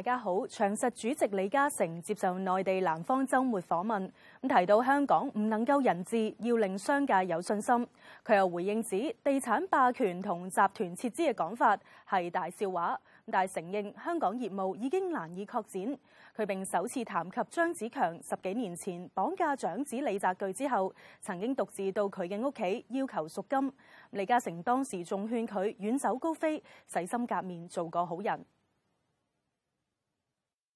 大家好，長實主席李嘉誠接受內地南方周末訪問，咁提到香港唔能夠人治，要令商界有信心。佢又回應指，地產霸權同集團撤資嘅講法係大笑話，但係承認香港業務已經難以擴展。佢並首次談及張子強十幾年前綁架長子李澤钜之後，曾經獨自到佢嘅屋企要求贖金。李嘉誠當時仲勸佢遠走高飛，洗心革面做個好人。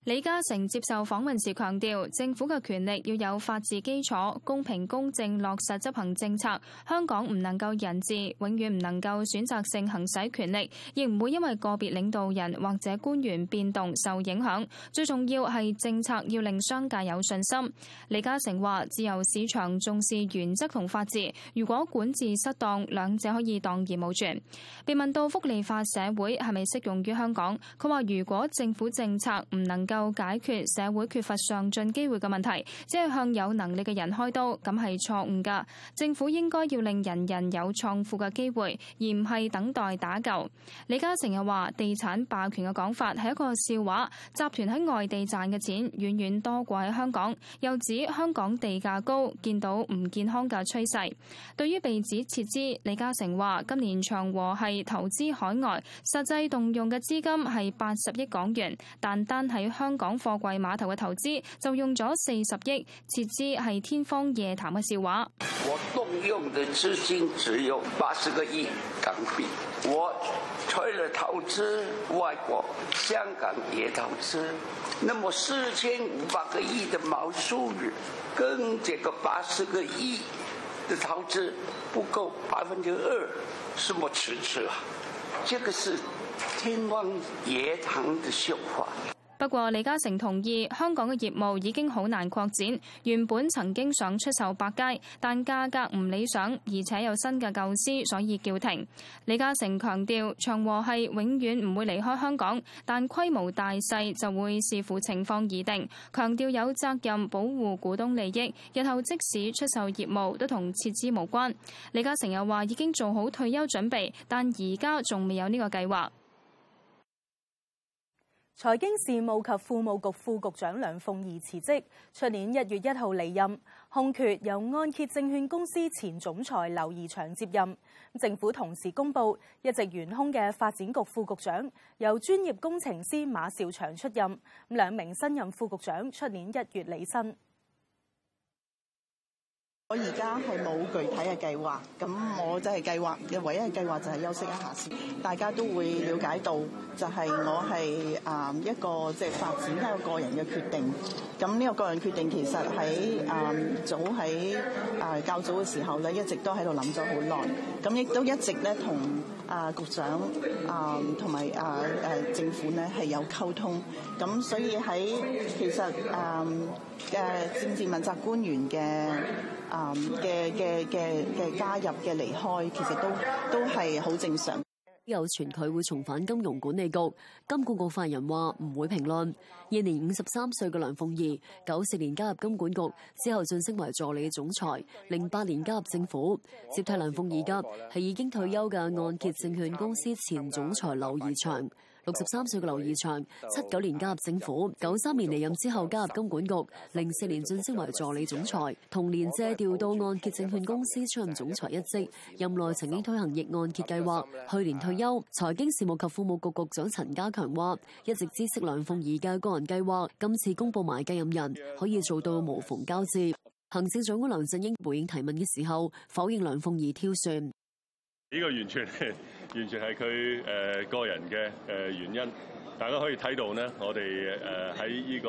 李嘉誠接受訪問時強調，政府嘅權力要有法治基礎，公平公正落實執行政策。香港唔能夠人治，永遠唔能夠選擇性行使權力，亦唔會因為個別領導人或者官員變動受影響。最重要係政策要令商界有信心。李嘉誠話：自由市場重視原則同法治，如果管治失當，兩者可以蕩然無存。被問到福利化社會係咪適用於香港，佢話如果政府政策唔能夠，又解決社會缺乏上進機會嘅問題，即係向有能力嘅人開刀，咁係錯誤噶。政府應該要令人人有創富嘅機會，而唔係等待打救。李嘉誠又話地產霸權嘅講法係一個笑話，集團喺外地賺嘅錢遠遠多過喺香港。又指香港地價高，見到唔健康嘅趨勢。對於被指撤資，李嘉誠話今年長和係投資海外，實際動用嘅資金係八十億港元，但單喺香香港貨櫃碼頭嘅投資就用咗四十億，撤資係天方夜譚嘅笑話。我動用嘅資金只有八十個億港幣，我除了投資外國，香港也投資。那麼四千五百個億的毛數字，跟這個八十個億嘅投資不夠百分之二，什麼層次啊？這個是天荒夜譚嘅笑話。不過李嘉誠同意，香港嘅業務已經好難擴展。原本曾經想出售百佳，但價格唔理想，而且有新嘅構思，所以叫停。李嘉誠強調，長和係永遠唔會離開香港，但規模大細就會視乎情況而定。強調有責任保護股東利益，日後即使出售業務都同撤資無關。李嘉誠又話已經做好退休準備，但而家仲未有呢個計劃。財經事務及庫務局副局長梁鳳儀辭職，出年一月一號離任，空缺由按揭證券公司前總裁劉怡翔接任。政府同時公布，一直懸空嘅發展局副局長由專業工程師馬兆祥出任。兩名新任副局長出年一月履新。我而家係冇具體嘅計劃，咁我就係計劃嘅唯一嘅計劃就係休息一下先。大家都會了解到，就係我係啊一個即係發展一個個人嘅決定。咁呢個個人決定其實喺啊早喺啊較早嘅時候咧，一直都喺度諗咗好耐。咁亦都一直咧同啊局長啊同埋啊誒政府咧係有溝通。咁所以喺其實啊嘅政治問責官員嘅。嘅嘅嘅嘅加入嘅離開其實都都係好正常。有傳佢會重返金融管理局，金管局發言人話唔會評論。現年五十三歲嘅梁鳳儀九四年加入金管局，之後晉升為助理總裁，零八年加入政府。接替梁鳳儀嘅係已經退休嘅按揭證券公司前總裁劉怡翔。六十三歲嘅劉怡翔，七九年加入政府，九三年離任之後加入金管局，零四年晉升為助理總裁，同年借調到按揭證券公司出任總裁一職，任內曾經推行逆按揭計劃。去年退休。財經事務及庫務局局長陳家強話，一直知悉梁鳳儀嘅個人計劃，今次公布埋繼任人，可以做到無縫交接。行政長官梁振英回應提問嘅時候，否認梁鳳儀挑選。呢、這個完全係完全係佢誒個人嘅誒、呃、原因，大家可以睇到咧，我哋誒喺呢個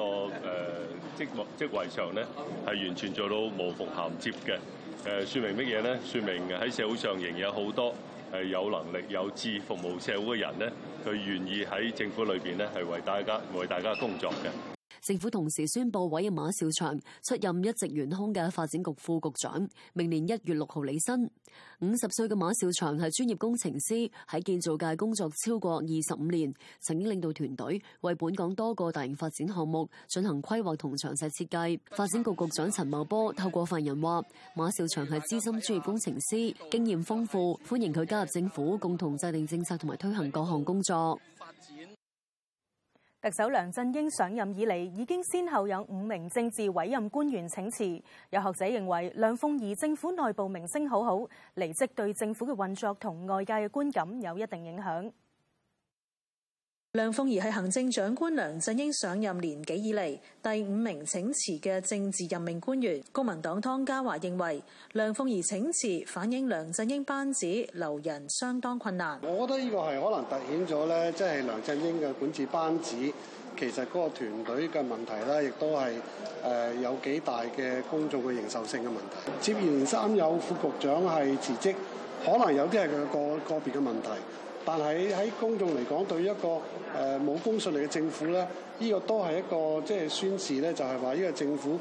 誒職務職位上咧，係完全做到無縫銜接嘅。誒、呃，説明乜嘢咧？説明喺社會上仍然有好多係有能力、有志服務社會嘅人咧，佢願意喺政府裏邊咧係為大家為大家工作嘅。政府同時宣布委任馬兆祥出任一直懸空嘅發展局副局長，明年一月六號履新。五十歲嘅馬兆祥係專業工程師，喺建造界工作超過二十五年，曾經領導團隊為本港多個大型發展項目進行規劃同詳細設計。發展局局長陳茂波透過發言人話馬兆祥係資深專業工程師，經驗豐富，歡迎佢加入政府，共同制定政策同埋推行各項工作。特首梁振英上任以嚟，已經先後有五名政治委任官員請辭，有學者認為梁鳳儀政府內部名聲好好，離職對政府嘅運作同外界嘅觀感有一定影響。梁鳳儀係行政長官梁振英上任年幾以嚟，第五名請辭嘅政治任命官員，公民黨湯家驊認為梁鳳儀請辭反映梁振英班子留人相當困難。我覺得呢個係可能凸顯咗咧，即係梁振英嘅管治班子，其實嗰個團隊嘅問題啦，亦都係誒有幾大嘅公眾嘅認受性嘅問題。接二連三有副局長係辭職，可能有啲係佢個個別嘅問題。但係喺公眾嚟講，對一個誒冇、呃、公信力嘅政府咧，呢個都係一個即係、就是、宣示咧，就係話呢個政府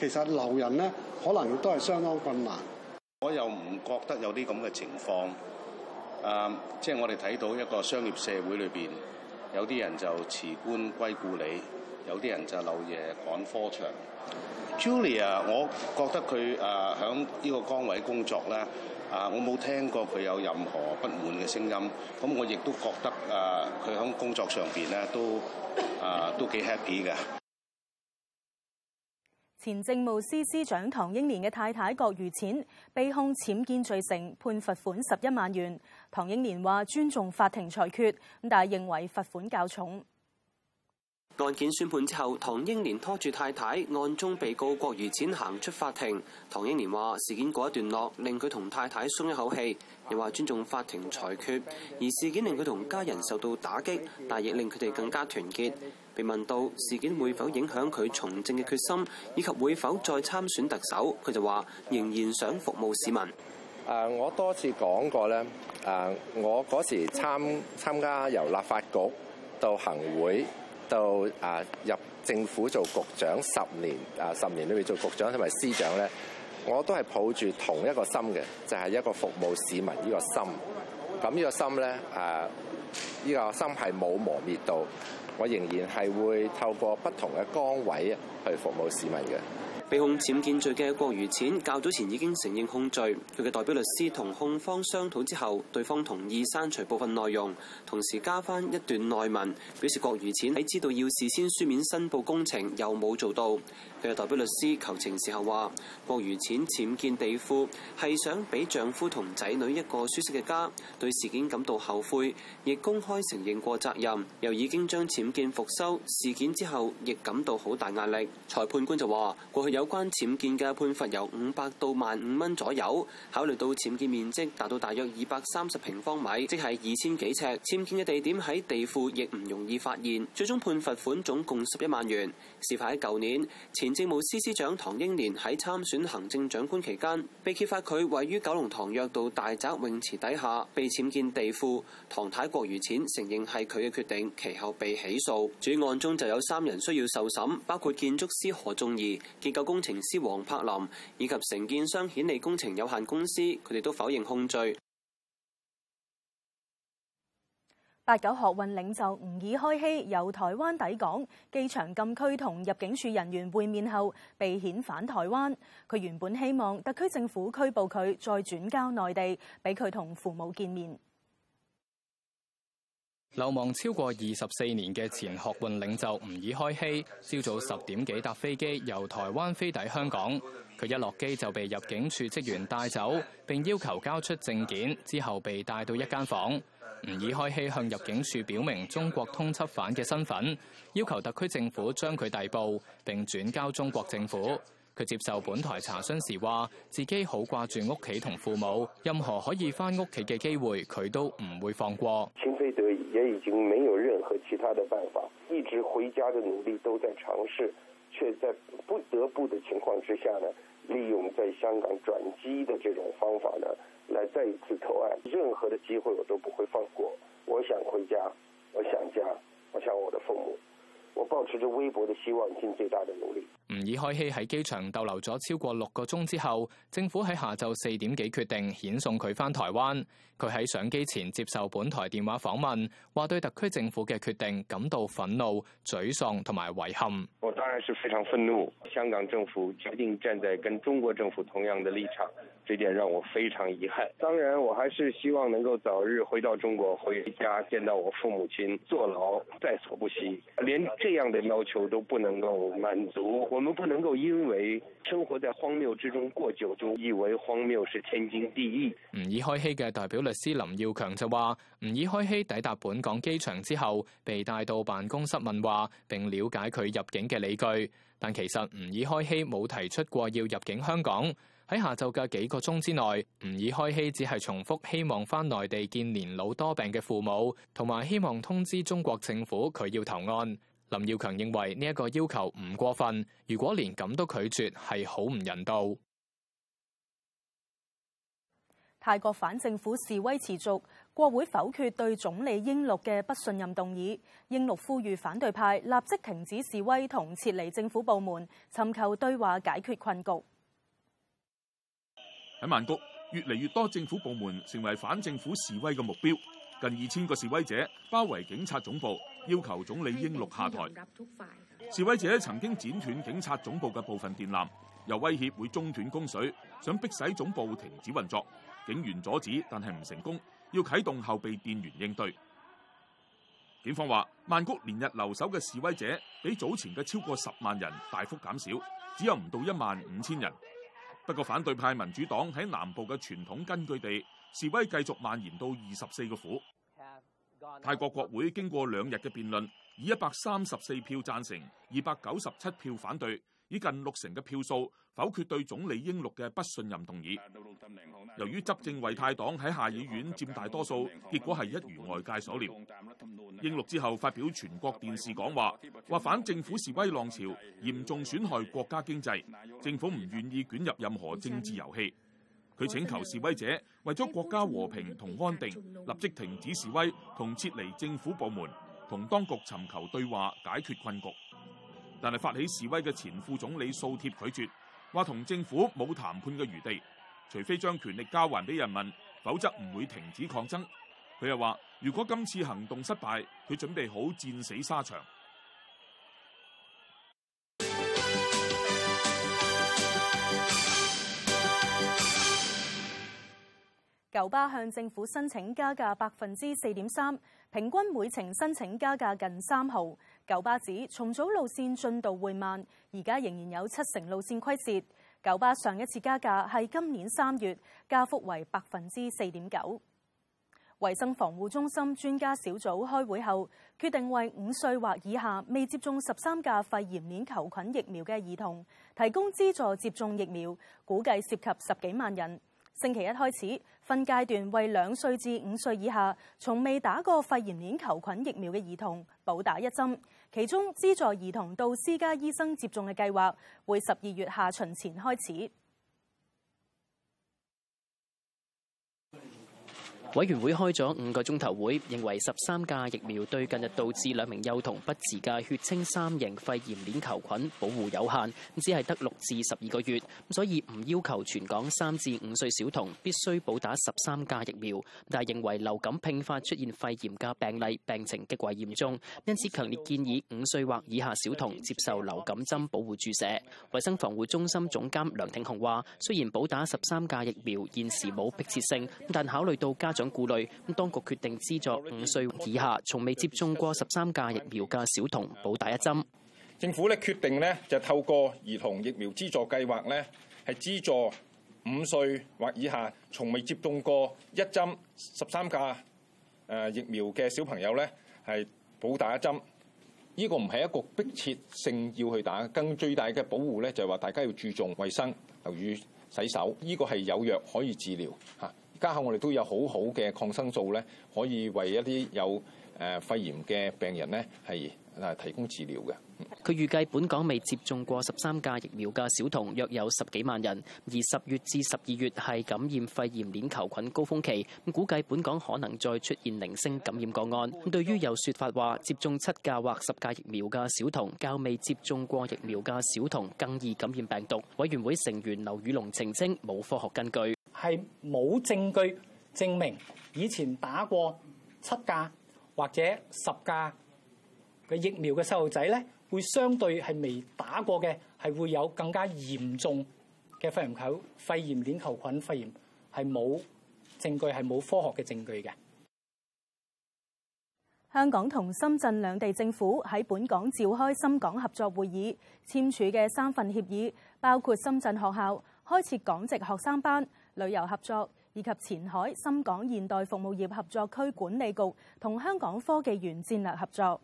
其實留人咧，可能都係相當困難。我又唔覺得有啲咁嘅情況，誒、呃，即、就、係、是、我哋睇到一個商業社會裏邊，有啲人就辭官歸故里，有啲人就漏夜趕科場。Julia，我覺得佢誒響呢個崗位工作咧。啊！我冇聽過佢有任何不滿嘅聲音，咁我亦都覺得啊，佢喺工作上邊咧都啊都幾 happy 嘅。前政務司司長唐英年嘅太太郭妤淺被控僭建罪成，判罰款十一萬元。唐英年話尊重法庭裁決，咁但係認為罰款較重。案件宣判之後，唐英年拖住太太，案中被告郭妤淺行出法庭。唐英年話：事件過一段落，令佢同太太鬆一口氣，又話尊重法庭裁決。而事件令佢同家人受到打擊，但亦令佢哋更加團結。被問到事件會否影響佢從政嘅決心，以及會否再參選特首，佢就話仍然想服務市民。誒，我多次講過咧，誒，我嗰時參參加由立法局到行會。到啊，入政府做局長十年啊，十年裏面做局長同埋司長咧，我都係抱住同一個心嘅，就係、是、一個服務市民呢個心。咁呢個心咧啊，呢、這個心係冇磨滅到，我仍然係會透過不同嘅崗位去服務市民嘅。被控僭建罪嘅郭妤淺，較早前已經承認控罪。佢嘅代表律師同控方商討之後，對方同意刪除部分內容，同時加返一段內文，表示郭妤淺喺知道要事先書面申報工程，又冇做到。佢嘅代表律師求情時候話，郭妤淺僭建地庫係想俾丈夫同仔女一個舒適嘅家，對事件感到後悔，亦公開承認過責任，又已經將僭建復修。事件之後，亦感到好大壓力。裁判官就話：「過去有有關僭建嘅判罰由五百到萬五蚊左右，考慮到僭建面積達到大約二百三十平方米，即係二千幾尺，僭建嘅地點喺地庫亦唔容易發現，最終判罰款總共十一萬元。事發喺舊年，前政務司司長唐英年喺參選行政長官期間，被揭發佢位於九龍塘約道大宅泳池底下被僭建地庫，唐太郭妤淺承認係佢嘅決定，其後被起訴。主案中就有三人需要受審，包括建築師何仲儀、結工程師王柏林以及承建商顯利工程有限公司，佢哋都否認控罪。八九學運領袖吾爾開希由台灣抵港，機場禁區同入境處人員會面後，被遣返台灣。佢原本希望特區政府拘捕佢，再轉交內地，俾佢同父母見面。流亡超過二十四年嘅前學運領袖吾爾開希，朝早十點幾搭飛機由台灣飛抵香港。佢一落機就被入境處職員帶走，並要求交出證件。之後被帶到一間房，吾爾開希向入境處表明中國通緝犯嘅身份，要求特區政府將佢逮捕並轉交中國政府。佢接受本台查詢時話，自己好掛住屋企同父母，任何可以翻屋企嘅機會，佢都唔會放過。情非得已，也已經沒有任何其他的辦法，一直回家的努力都在嘗試，卻在不得不的情況之下呢，利用在香港轉機的這種方法呢，來再一次投案。任何的機會我都不會放過，我想回家，我想家，我想我的父母，我抱持着微薄的希望，盡最大的努力。吾爾開希喺機場逗留咗超過六個鐘之後，政府喺下晝四點幾決定遣送佢返台灣。佢喺上機前接受本台電話訪問，話對特區政府嘅決定感到憤怒、沮喪同埋遺憾。我當然是非常憤怒，香港政府決定站在跟中國政府同樣的立場，這點讓我非常遺憾。當然，我還是希望能夠早日回到中國，回家見到我父母親，坐牢在所不惜，連這樣的要求都不能夠滿足。我們不能夠因為生活在荒謬之中過久，就以為荒謬是天經地義。吾爾開希嘅代表律師林耀強就話，吾爾開希抵達本港機場之後，被帶到辦公室問話，並了解佢入境嘅理據。但其實吾爾開希冇提出過要入境香港。喺下晝嘅幾個鐘之內，吾爾開希只係重複希望翻內地見年老多病嘅父母，同埋希望通知中國政府佢要投案。林耀強認為呢一個要求唔過分，如果連咁都拒絕，係好唔人道。泰國反政府示威持續，國會否決對總理英禄嘅不信任動議，英禄呼籲反對派立即停止示威同撤離政府部門，尋求對話解決困局。喺曼谷，越嚟越多政府部門成為反政府示威嘅目標。近二千個示威者包圍警察總部，要求總理英祿下台。示威者曾經剪斷警察總部嘅部分電纜，又威脅會中斷供水，想逼使總部停止運作。警員阻止，但係唔成功，要啟動後備電源應對。警方話，曼谷連日留守嘅示威者比早前嘅超過十萬人大幅減少，只有唔到一萬五千人。不過，反對派民主黨喺南部嘅傳統根據地，示威繼續蔓延到二十四個府。泰國國會經過兩日嘅辯論，以一百三十四票贊成，二百九十七票反對，以近六成嘅票數否決對總理英祿嘅不信任動議。由於執政為泰黨喺下議院佔大多數，結果係一如外界所料。英祿之後發表全國電視講話，話反政府示威浪潮嚴重損害國家經濟，政府唔願意捲入任何政治遊戲。佢請求示威者為咗國家和平同安定，立即停止示威同撤離政府部門，同當局尋求對話解決困局。但係發起示威嘅前副總理素貼拒絕，話同政府冇談判嘅餘地，除非將權力交還俾人民，否則唔會停止抗爭。佢又話，如果今次行動失敗，佢準備好戰死沙場。九巴向政府申請加價百分之四點三，平均每程申請加價近三毫。九巴指重組路線進度會慢，而家仍然有七成路線虧蝕。九巴上一次加價係今年三月，加幅為百分之四點九。衛生防護中心專家小組開會後，決定為五歲或以下未接種十三價肺炎鏈球菌疫苗嘅兒童提供資助接種疫苗，估計涉及十幾萬人。星期一開始，分階段為兩歲至五歲以下從未打過肺炎鏈球菌疫苗嘅兒童補打一針。其中，資助兒童到私家醫生接種嘅計劃，會十二月下旬前開始。委員會開咗五個鐘頭會，認為十三價疫苗對近日導致兩名幼童不治嘅血清三型肺炎鏈球菌保護有限，只係得六至十二個月，所以唔要求全港三至五歲小童必須補打十三價疫苗。但係認為流感並發出現肺炎嘅病例病情極為嚴重，因此強烈建議五歲或以下小童接受流感針保護注射。衞生防護中心總監梁挺雄話：雖然補打十三價疫苗現時冇迫切性，但考慮到家長等顧慮，咁當局決定資助五歲以下從未接種過十三價疫苗嘅小童補打一針。政府咧決定咧就透過兒童疫苗資助計劃咧，係資助五歲或以下從未接種過一針十三價誒疫苗嘅小朋友咧，係補打一針。依個唔係一個迫切性要去打，更最大嘅保護咧就係話大家要注重衞生，留意洗手。依個係有藥可以治療嚇。家下我哋都有好好嘅抗生素咧，可以為一啲有誒肺炎嘅病人咧係啊提供治療嘅。佢預計本港未接種過十三價疫苗嘅小童約有十幾萬人，而十月至十二月係感染肺炎鏈球菌高峯期，咁估計本港可能再出現零星感染個案。咁對於有説法話接種七價或十價疫苗嘅小童較未接種過疫苗嘅小童更易感染病毒，委員會成員劉宇龍澄清冇科學根據。係冇證據證明以前打過七價或者十價嘅疫苗嘅細路仔咧，會相對係未打過嘅，係會有更加嚴重嘅肺炎球、肺炎鏈球菌肺炎，係冇證據，係冇科學嘅證據嘅。香港同深圳兩地政府喺本港召開深港合作會議，簽署嘅三份協議包括深圳學校、開設港籍學生班。旅遊合作以及前海深港現代服務業合作區管理局同香港科技園戰略合作。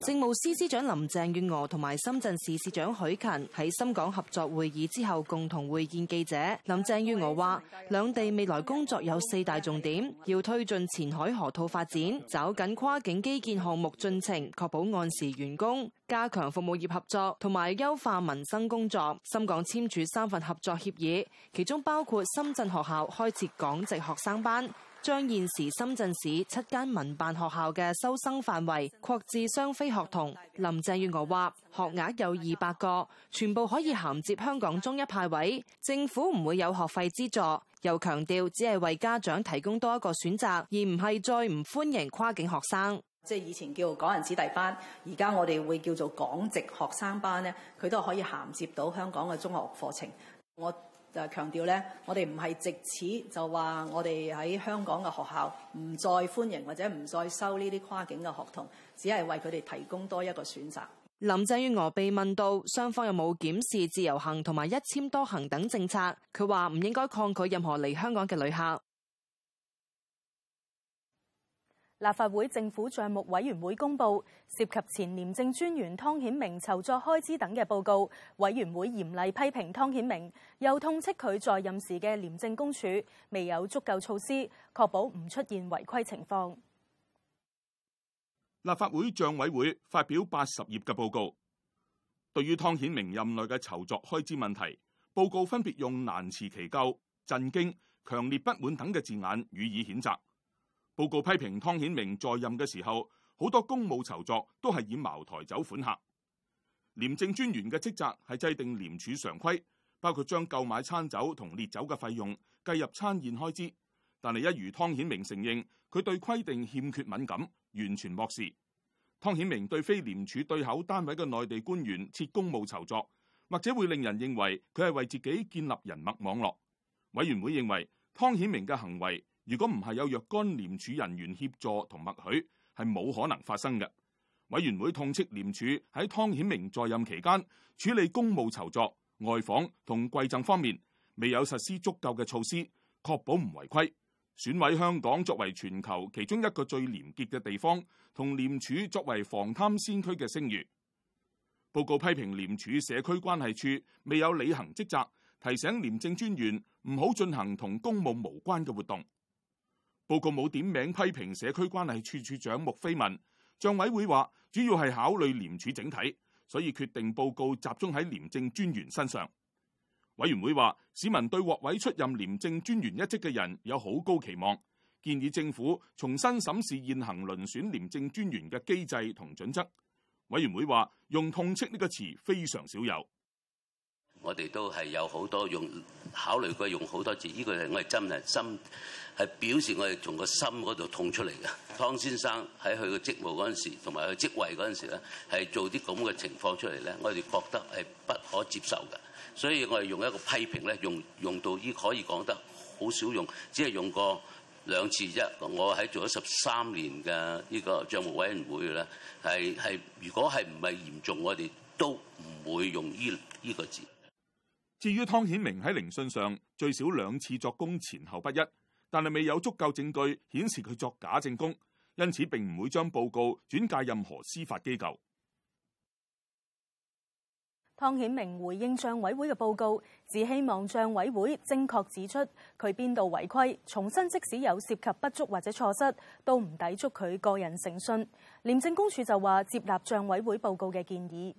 政務司司長林鄭月娥同埋深圳市市長許勤喺深港合作會議之後共同會見記者。林鄭月娥話，兩地未來工作有四大重點，要推進前海河套發展，抓緊跨境基建項目進程，確保按時完工；加強服務業合作，同埋優化民生工作。深港簽署三份合作協議，其中包括深圳學校開設港籍學生班。將現時深圳市七間民辦學校嘅收生範圍擴至雙非學童，林鄭月娥話學額有二百個，全部可以銜接香港中一派位，政府唔會有學費資助，又強調只係為家長提供多一個選擇，而唔係再唔歡迎跨境學生。即係以前叫港人子弟班，而家我哋會叫做港籍學生班呢，佢都可以銜接到香港嘅中學課程。我就強調咧，我哋唔係藉此就話我哋喺香港嘅學校唔再歡迎或者唔再收呢啲跨境嘅學童，只係為佢哋提供多一個選擇。林鄭月娥被問到雙方有冇檢視自由行同埋一簽多行等政策，佢話唔應該抗拒任何嚟香港嘅旅客。立法會政府賬目委員會公布，涉及前廉政專員湯顯明酬酢開支等嘅報告，委員會嚴厲批評湯顯明，又痛斥佢在任時嘅廉政公署未有足夠措施，確保唔出現違規情況。立法會賬委會發表八十頁嘅報告，對於湯顯明任內嘅酬酢開支問題，報告分別用難辭其咎、震驚、強烈不滿等嘅字眼予以譴責。報告批評湯顯明在任嘅時候，好多公務酬酢都係以茅台酒款客。廉政專員嘅職責係制定廉署常規，包括將購買餐酒同烈酒嘅費用計入餐宴開支。但係一如湯顯明承認，佢對規定欠缺敏感，完全漠視。湯顯明對非廉署對口單位嘅內地官員設公務酬酢，或者會令人認為佢係為自己建立人脈網絡。委員會認為湯顯明嘅行為，如果唔係有若干廉署人員協助同默許，係冇可能發生嘅。委員會痛斥廉署喺湯顯明在任期間處理公務酬酢、外訪同饋贈方面未有實施足夠嘅措施，確保唔違規，損毀香港作為全球其中一個最廉潔嘅地方同廉署作為防貪先驅嘅聲譽。報告批評廉署社區關係處未有履行職責，提醒廉政專員唔好進行同公務無關嘅活動。報告冇點名批評社區關係處處長穆飛文，賬委會話主要係考慮廉署整體，所以決定報告集中喺廉政專員身上。委員會話市民對獲委出任廉政專員一職嘅人有好高期望，建議政府重新審視現行遴選廉政專員嘅機制同準則。委員會話用痛斥呢個詞非常少有。我哋都係有好多用考慮過用好多字，呢、這個係我係真係心係表示我哋從個心嗰度痛出嚟嘅。湯先生喺佢嘅職務嗰陣時，同埋佢職位嗰陣時咧，係做啲咁嘅情況出嚟咧，我哋覺得係不可接受嘅，所以我哋用一個批評咧，用用到依可以講得好少用，只係用過兩次啫。我喺做咗十三年嘅呢個賬務委員會嘅咧，係係如果係唔係嚴重，我哋都唔會用依依個字。至於湯顯明喺聆訊上最少兩次作供，前後不一，但係未有足夠證據顯示佢作假證供，因此並唔會將報告轉介任何司法機構。湯顯明回應帳委會嘅報告，只希望帳委會正確指出佢邊度違規，重申即使有涉及不足或者錯失，都唔抵觸佢個人誠信。廉政公署就話接納帳委會報告嘅建議。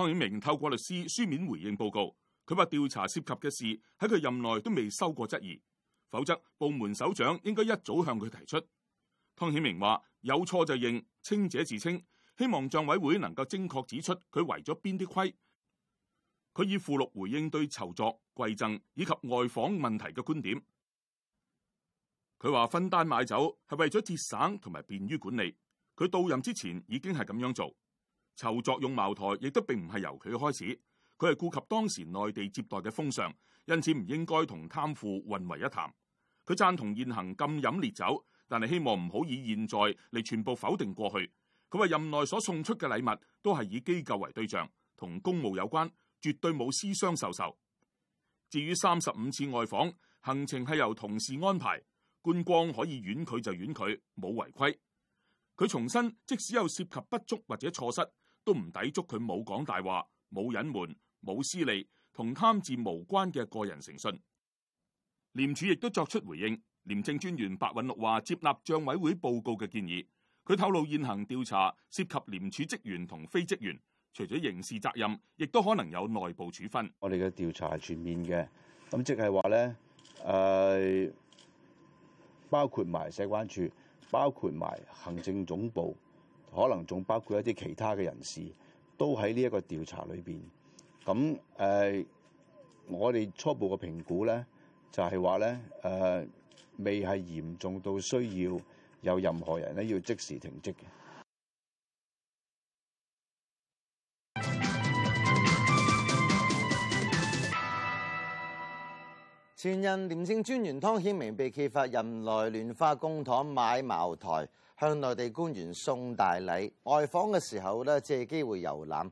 湯顯明透過律師書面回應報告，佢話調查涉及嘅事喺佢任內都未收過質疑，否則部門首長應該一早向佢提出。湯顯明話：有錯就認，清者自清，希望帳委會能夠正確指出佢違咗邊啲規。佢以附錄回應對籌作、饋贈以及外訪問題嘅觀點。佢話分單買酒係為咗節省同埋便於管理，佢到任之前已經係咁樣做。酬酢用茅台亦都並唔係由佢開始，佢係顧及當時內地接待嘅風尚，因此唔應該同貪腐混為一談。佢贊同現行禁飲烈酒，但係希望唔好以現在嚟全部否定過去。佢話任內所送出嘅禮物都係以機構為對象，同公務有關，絕對冇私相授受，受。至於三十五次外訪行程係由同事安排，觀光可以婉拒就婉拒，冇違規。佢重申，即使有涉及不足或者錯失，都唔抵觸佢冇講大話、冇隱瞞、冇私利同貪字無關嘅個人誠信。廉署亦都作出回應，廉政專員白韞六話接納帳委會報告嘅建議。佢透露現行調查涉及廉署職員同非職員，除咗刑事責任，亦都可能有內部處分。我哋嘅調查係全面嘅，咁即係話咧，誒、呃，包括埋社關處，包括埋行政總部。可能仲包括一啲其他嘅人士，都喺呢一個調查裏邊。咁誒、呃，我哋初步嘅評估咧，就係話咧，誒未係嚴重到需要有任何人咧要即時停職嘅。前任廉政專員湯顯明被揭發任內亂花公帑買茅台。向內地官員送大禮，外訪嘅時候咧借機會遊覽。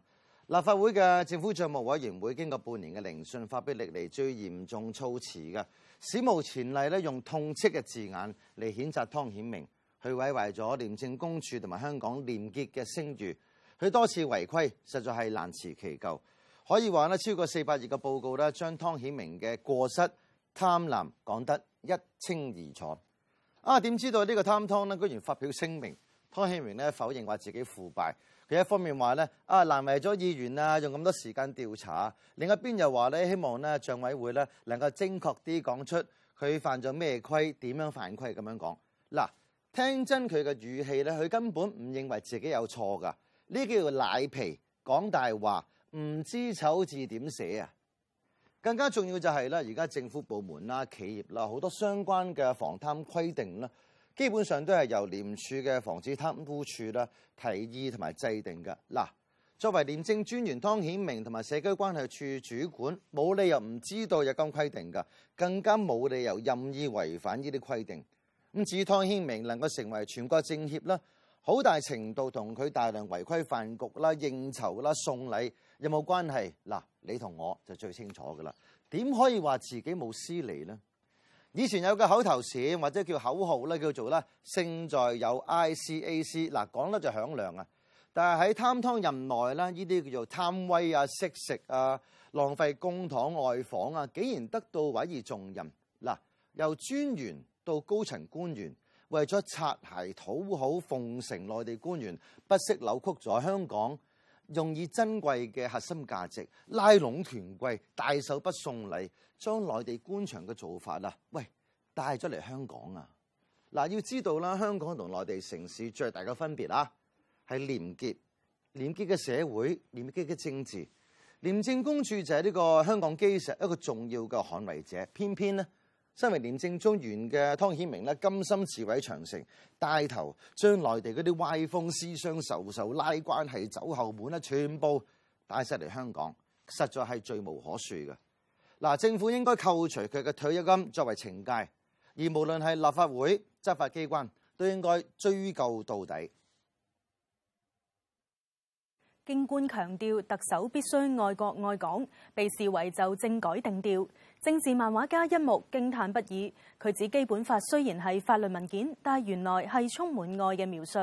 立法會嘅政府帳目委員會經過半年嘅聆訊，發出歷嚟最嚴重措辭嘅史無前例咧，用痛斥嘅字眼嚟譴責湯顯明，佢毀壞咗廉政公署同埋香港廉潔嘅聲譽。佢多次違規，實在係難辭其咎。可以話咧，超過四百頁嘅報告咧，將湯顯明嘅過失、貪婪講得一清二楚。啊！點知道呢個湯湯呢？居然發表聲明，湯顯明呢否認話自己腐敗。佢一方面話呢，啊難為咗議員啊，用咁多時間調查；另一邊又話呢，希望呢，帳委會呢能夠正確啲講出佢犯咗咩規，點樣犯規咁樣講。嗱、啊，聽真佢嘅語氣呢，佢根本唔認為自己有錯㗎。呢叫賴皮，講大話，唔知醜字點寫啊！更加重要就係咧，而家政府部門啦、企業啦，好多相關嘅防貪規定啦，基本上都係由廉署嘅防止貪污處啦提議同埋制定嘅。嗱，作為廉政專員湯顯明同埋社區關係處主管，冇理由唔知道有咁規定嘅，更加冇理由任意違反呢啲規定。咁至於湯顯明能夠成為全國政協啦。好大程度同佢大量違規飯局啦、應酬啦、送禮有冇關係？嗱，你同我就最清楚噶啦。點可以話自己冇私利呢？以前有個口頭禪或者叫口號咧，叫做咧勝在有 ICAC，嗱講得就響亮啊。但係喺貪湯任內啦，呢啲叫做貪威啊、識食啊、浪費公帑外訪啊，竟然得到委以重任。嗱，由專員到高層官員。為咗擦鞋、討好、奉承內地官員，不惜扭曲咗香港，用以珍貴嘅核心價值拉攏權貴，大手筆送禮，將內地官場嘅做法啊，喂，帶咗嚟香港啊！嗱，要知道啦，香港同內地城市最大嘅分別啊，係廉潔、廉潔嘅社會、廉潔嘅政治，廉政公署就係呢個香港基石一個重要嘅捍衞者，偏偏身為廉政專員嘅湯顯明咧，甘心自毀長城，帶頭將內地嗰啲歪風、私相授受、拉關係、走後門啊，全部帶晒嚟香港，實在係罪無可恕嘅。嗱，政府應該扣除佢嘅退休金作為懲戒，而無論係立法會、執法機關，都應該追究到底。京官強調特首必須愛國愛港，被視為就政改定調。政治漫畫家一木驚嘆不已，佢指《基本法》雖然係法律文件，但原來係充滿愛嘅描述。